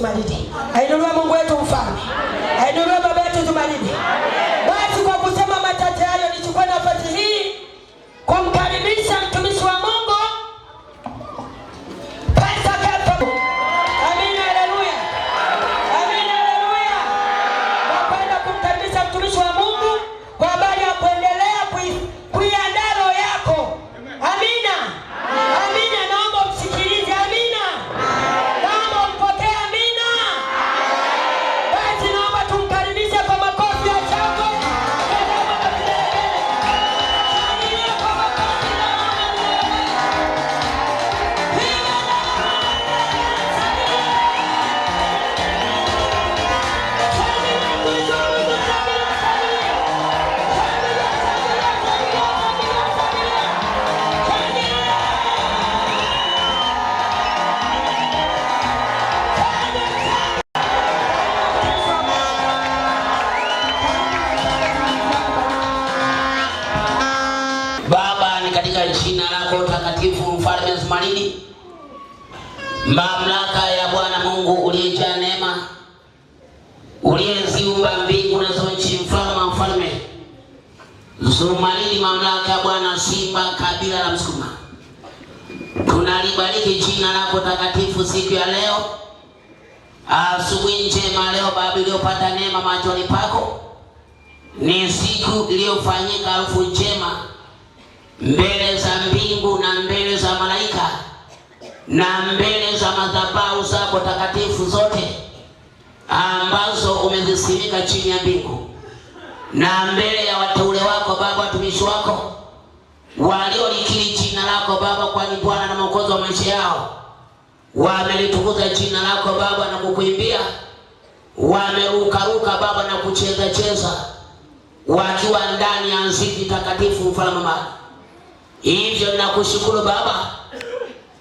umalidi. Ainuliwe Mungu wetu mfalme. harufu njema mbele za mbingu na mbele za malaika na mbele za madhabahu zako takatifu zote ambazo umezisimika chini ya mbingu na mbele ya wateule wako Baba, watumishi wako waliolikili jina lako Baba, kwani Bwana na Mwokozi wa maisha yao wamelitukuza jina lako Baba na kukuimbia, wamerukaruka Baba na kucheza cheza wakiwa ndani ya nziki takatifu mfalme mama. Hivyo nakushukuru Baba,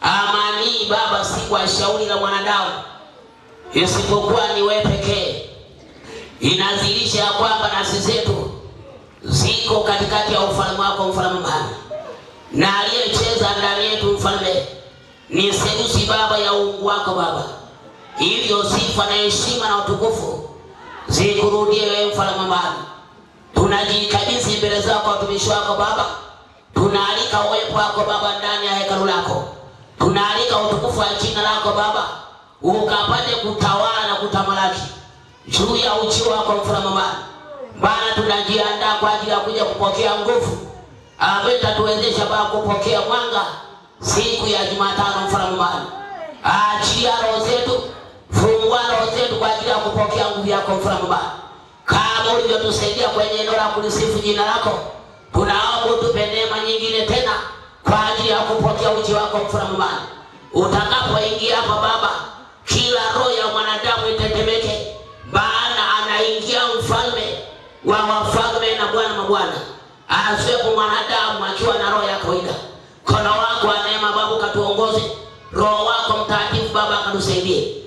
amani Baba si kwa shauri la mwanadamu, isipokuwa ni wewe pekee. Inazilisha ya kwamba nafsi zetu ziko katikati ya ufalme wako mfalme mama, na aliyecheza ndani yetu mfalme ni sedusi Baba ya uungu wako Baba, hivyo sifa na heshima na utukufu zikurudie wewe mfalme mama tunajikabidhi mbele zako watumishi wako Baba, tunaalika uwepo wako Baba ndani ya hekalu lako, tunaalika utukufu wa jina lako Baba ukapate kutawala na kutamalaki juu ya uchi wako mfuramamani. Bwana, tunajiandaa kwa ajili ya kuja kupokea nguvu ambayo itatuwezesha Baba kupokea mwanga siku ya Jumatano mfuramamani. Achia roho zetu, fungua roho zetu kwa ajili ya kupokea nguvu yako mfuramamani kama ulivyotusaidia kwenye eneo la kulisifu jina lako, tunaomba utupe neema nyingine tena kwa ajili ya kupokea uji wako mfuramumani utakapoingia hapa Baba, kila roho ya mwanadamu itetemeke, maana anaingia mfalme wa wafalme na Bwana mabwana. Asiwepo mwanadamu akiwa na roho ya kawaida. Mkono wako wa neema Baba ukatuongoze, Roho wako Mtakatifu Baba akatusaidie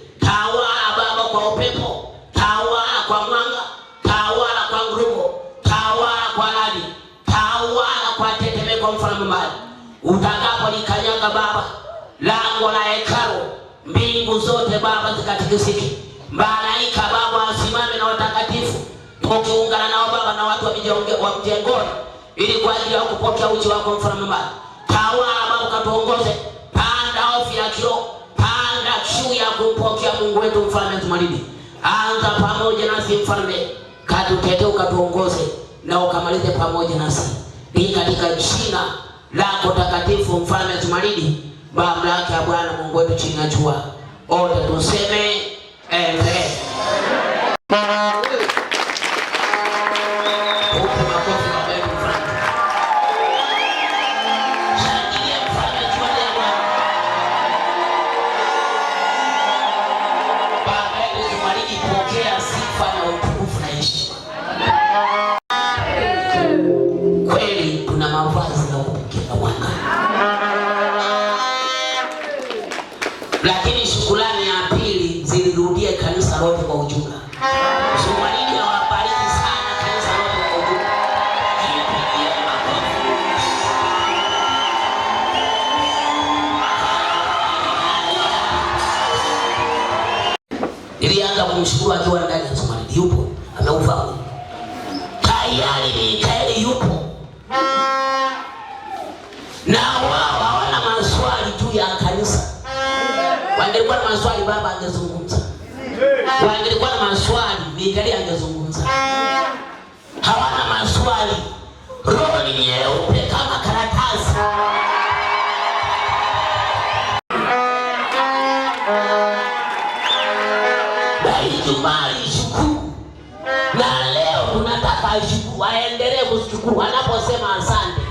utakapolikanyaga Baba lango la hekalu, mbingu zote Baba zikatikisiki, malaika Baba asimame na watakatifu tukiungana nao Baba na watu wa mjengoni, ili kwa ajili ya kupokea uchi wako mfalme Baba. Tawala Baba, katuongoze, panda ofi ya kiroho, panda kiu ya kumpokea Mungu wetu mfalme tumalini. Anza pamoja nasi mfalme, katutetee, ukatuongoze na ukamalize pamoja nasi, ni katika jina lako takatifu, mfalme tumalini mamlaka ya Bwana Mungu wetu chini ya jua. Wote tuseme amen. maswali baba angezungumza, wangelikuwa na maswali Mikaeli angezungumza. Hawana maswali, roho ni nyeupe kama karatasi. Ijumaa na leo tunataka ashukuru, aendelee kushukuru anaposema asante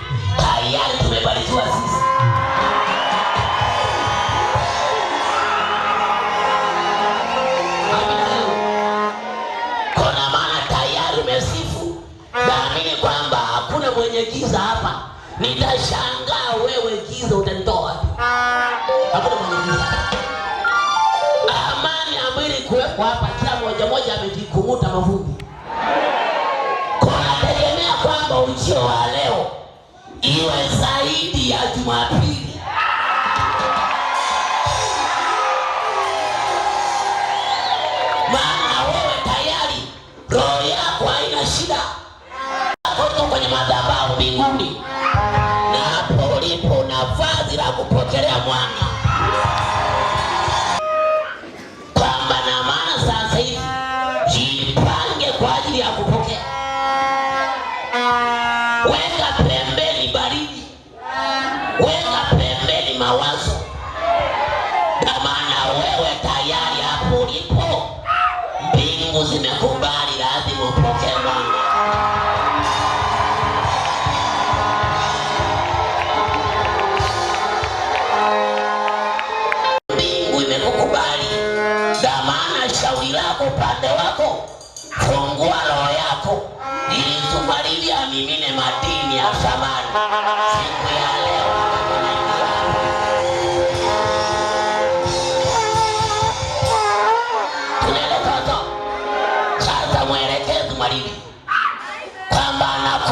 kwenye giza hapa, nitashangaa wewe giza utanitoa Hakuna mwenye giza. Amani ambayo ilikuwekwa hapa, kila moja moja amejikumuta mavumbi. Kunategemea kwamba ujio wa leo iwe zaidi ya Jumapili. kupotelea mwanga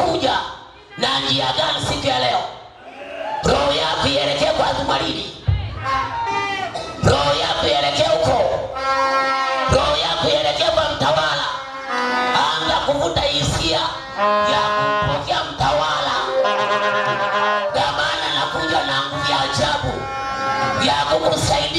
unakuja na njia gani siku ya leo? Roho yako ielekee kwa Zumaridi, roho yako ielekee huko, roho yako ielekee kwa mtawala. Anza kuvuta hisia ya kupokea mtawala. kwa maana nakuja na nguvu ya ajabu ya kukusaidia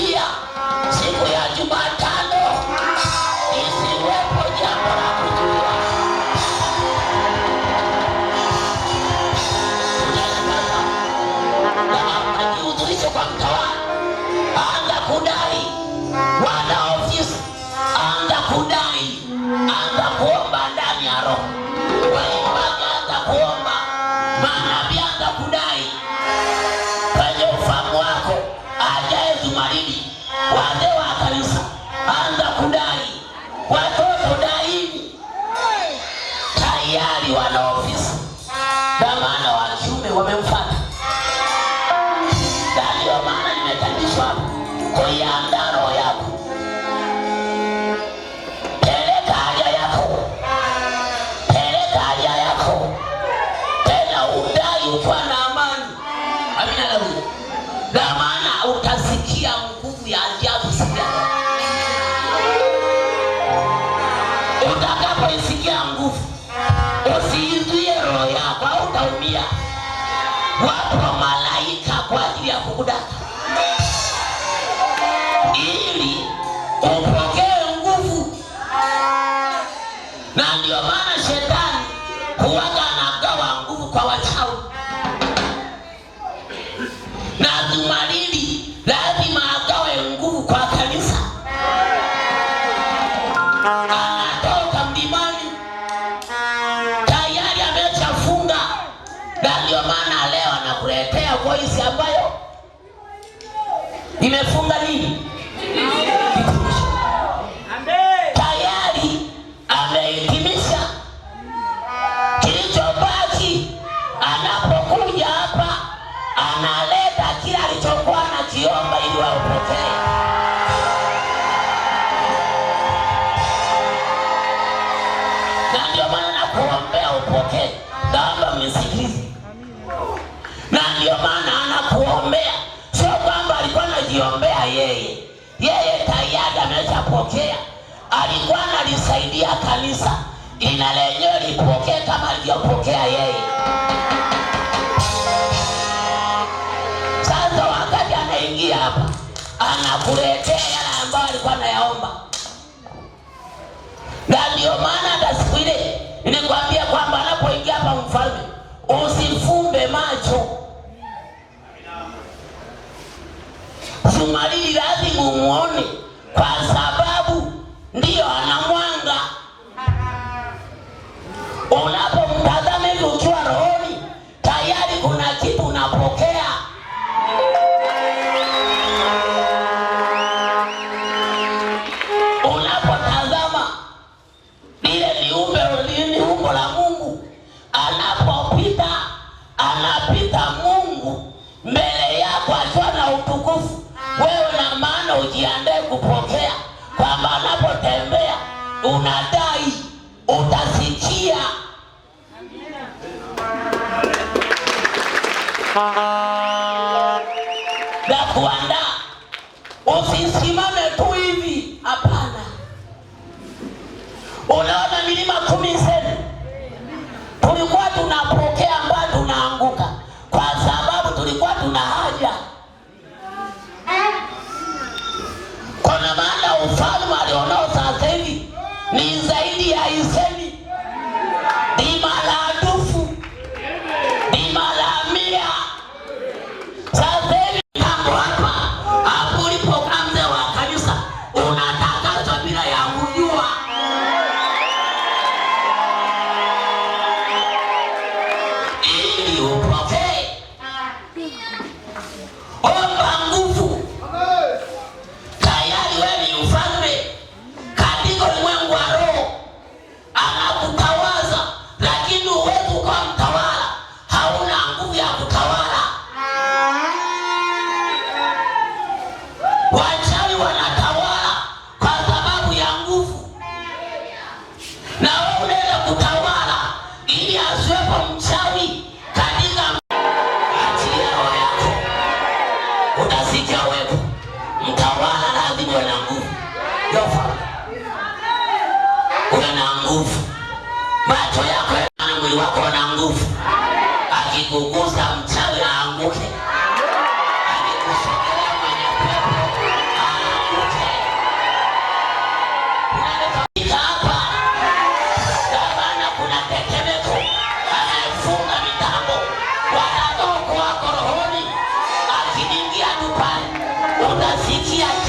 kupokea. Alikuwa analisaidia kanisa ina lenyewe lipokee kama alivyopokea yeye. Sasa wakati anaingia hapa, anakuletea yale ambayo alikuwa anayaomba, na ndio maana hata siku ile nilikwambia kwamba anapoingia hapa mfalme, usifumbe macho. Sumarili lazima umuone kwa sababu ndiyo ana mwanga. una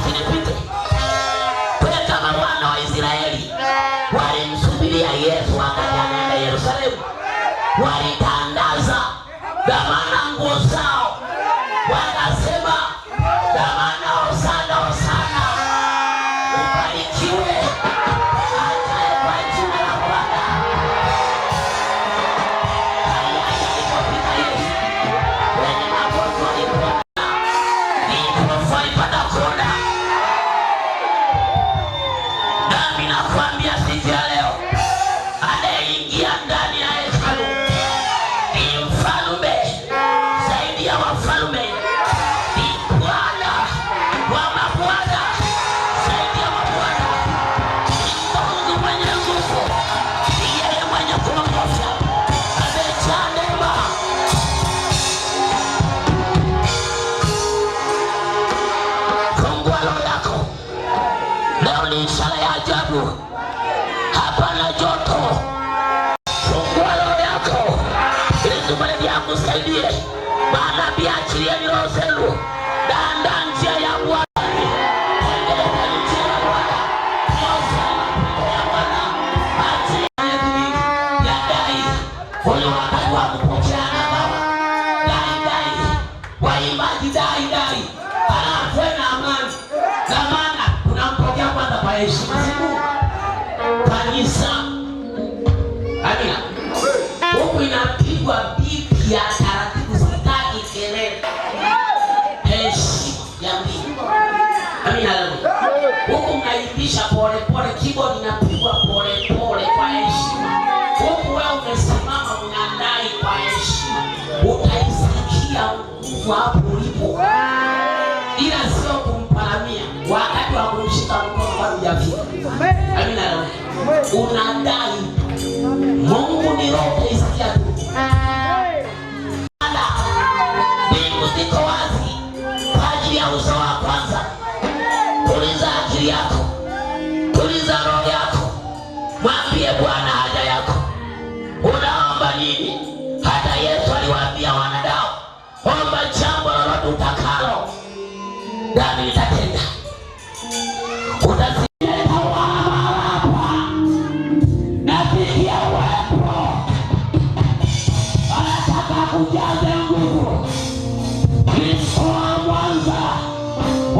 Thank you. kuisha pole polepole, keyboard inapigwa pole kwa heshima, huku wewe umesimama unadai kwa heshima, utaisikia nguvu hapo.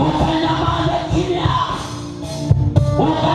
ukanyamaza kimya uka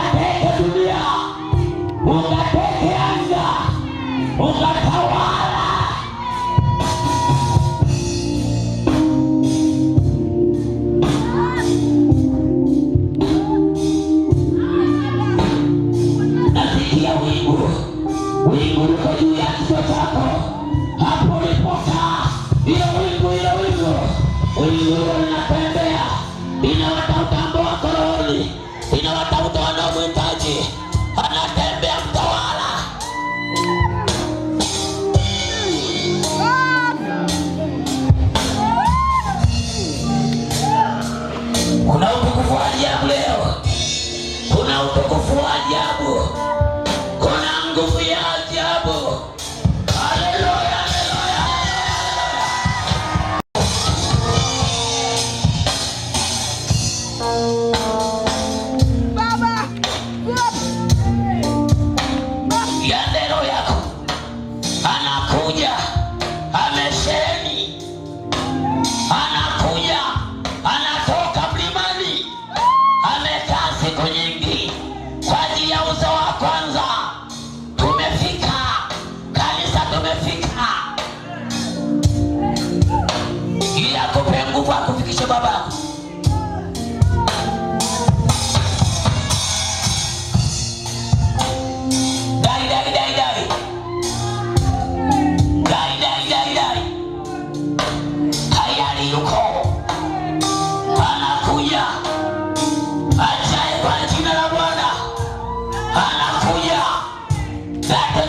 Back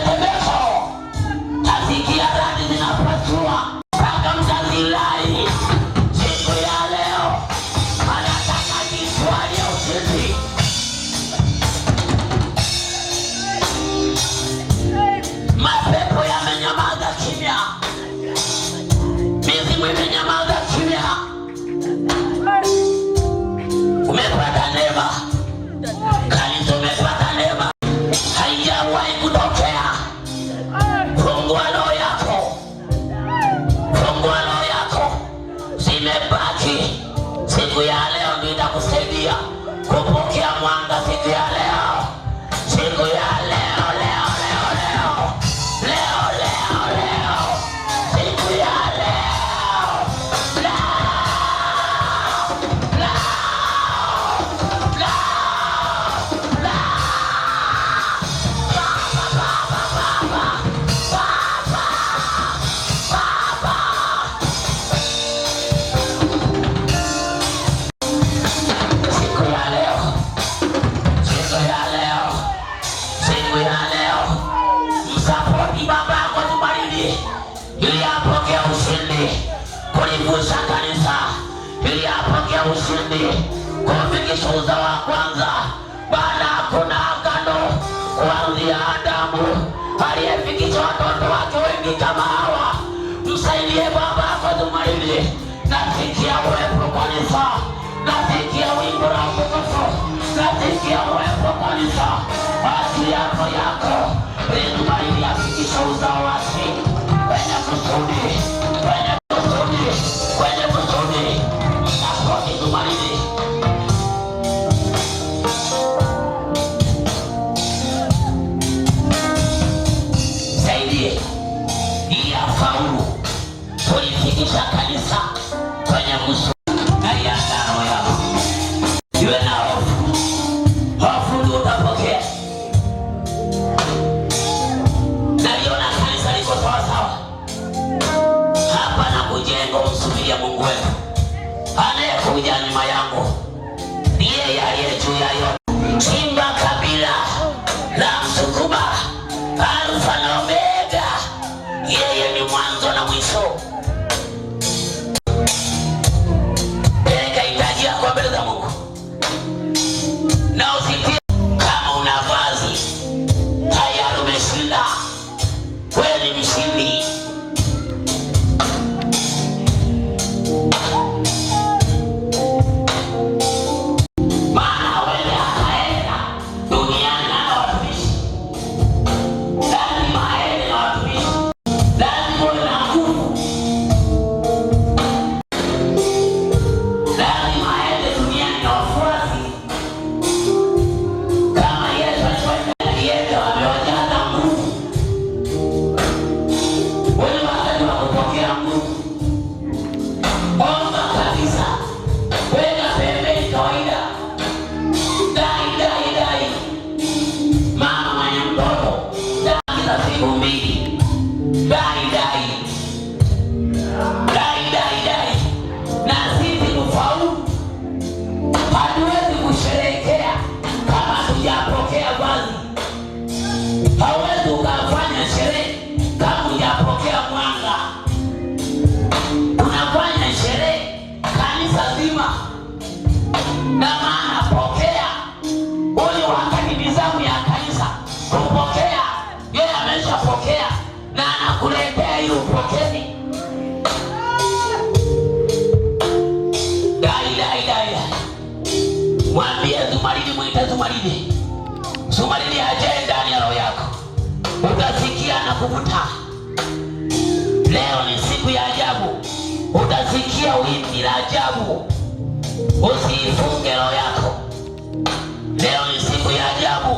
kukuta. Leo ni siku ya ajabu, utasikia wimbi la ajabu. Usiifunge roho yako, leo ni siku ya ajabu,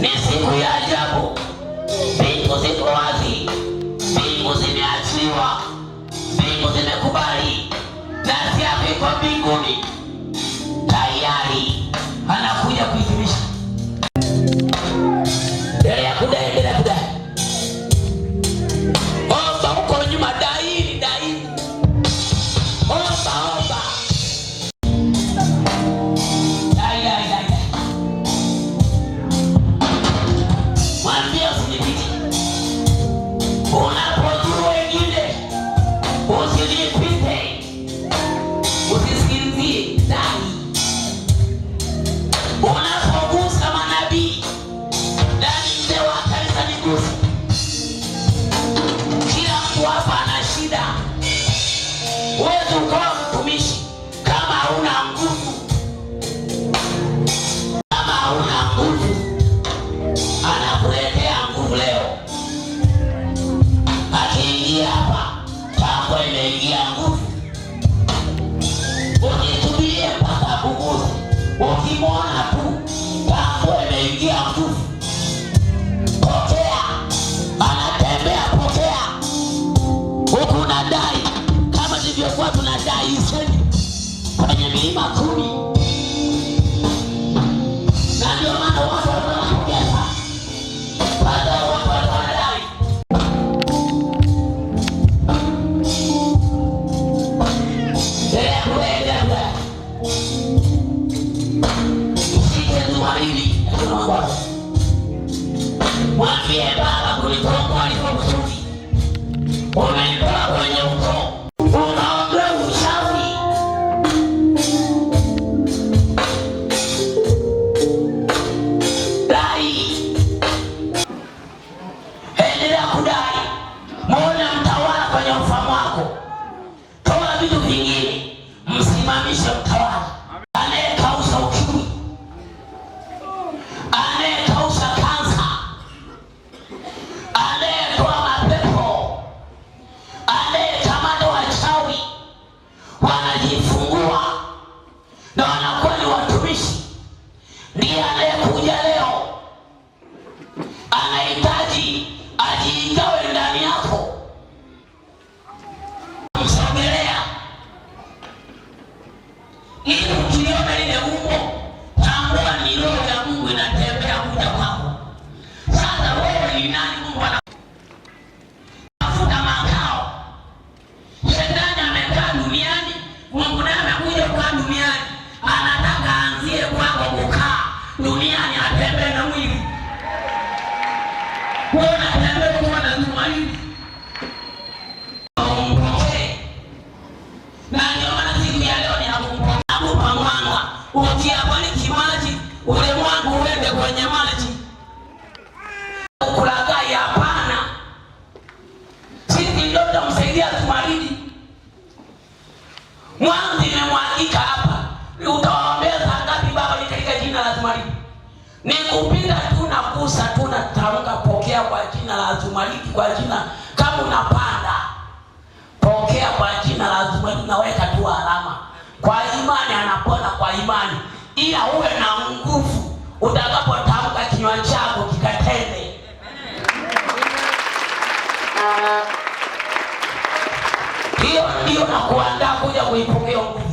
ni siku ya ajabu. Mbingu ziko wazi, mbingu zimeachiwa, mbingu zimekubali, nasi yako iko mbinguni. Iba duniani anataka aanzie kwako kukaa duniani atembee 大姑娘为朋友。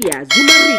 Notícias, uma